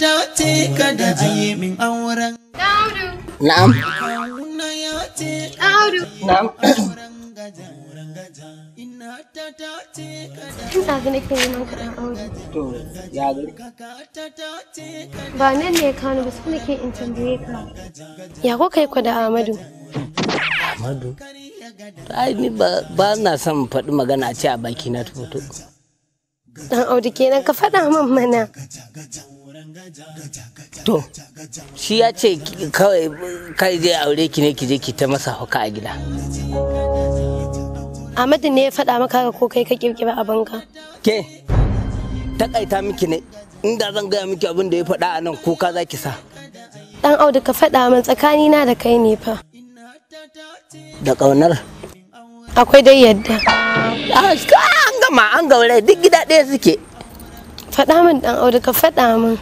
ta ce kada a yi min auren. Na'am. ya Na'am. kaɗan aure. To, ya Ba nan ne kano ba su nake in tambaye ka. Ya ko kai ku da Amadu? Amadu? Ai, ni ba na son faɗi magana a ce a baki na tuto. Dan Audu kenan ka faɗa min mana. To, shi ya ce kawai kai je aure ki ne ki je ki ta masa hauka a gida. Amadu ne ya faɗa maka ko kai ka kirkira abin ka. Ke, takaita miki ne, inda zan gaya miki abin da ya faɗa a nan kuka za ki sa. Dan Audu ka faɗa min tsakanina da kai ne fa. Da ƙaunar. Akwai dai yadda. Ah, ma an gaure duk gida ɗaya suke faɗa min dan aure ka faɗa min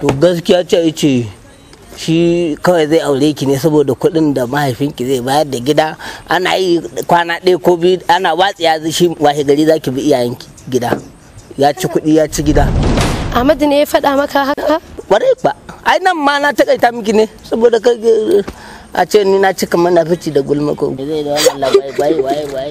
to gaskiya ce ce shi kawai zai aure ki ne saboda kuɗin da mahaifinki zai bayar da gida ana yi kwana ɗaya ko biyu ana watsiya shi washe gari za ki bi iyayenki gida ya ci kuɗi ya ci gida Ahmadu ne ya faɗa maka haka? ware ba, ai nan ma na taƙaita miki ne saboda ka a ce ni na cika mana fici da gulma ko. Zai da wannan labai bai bai bai.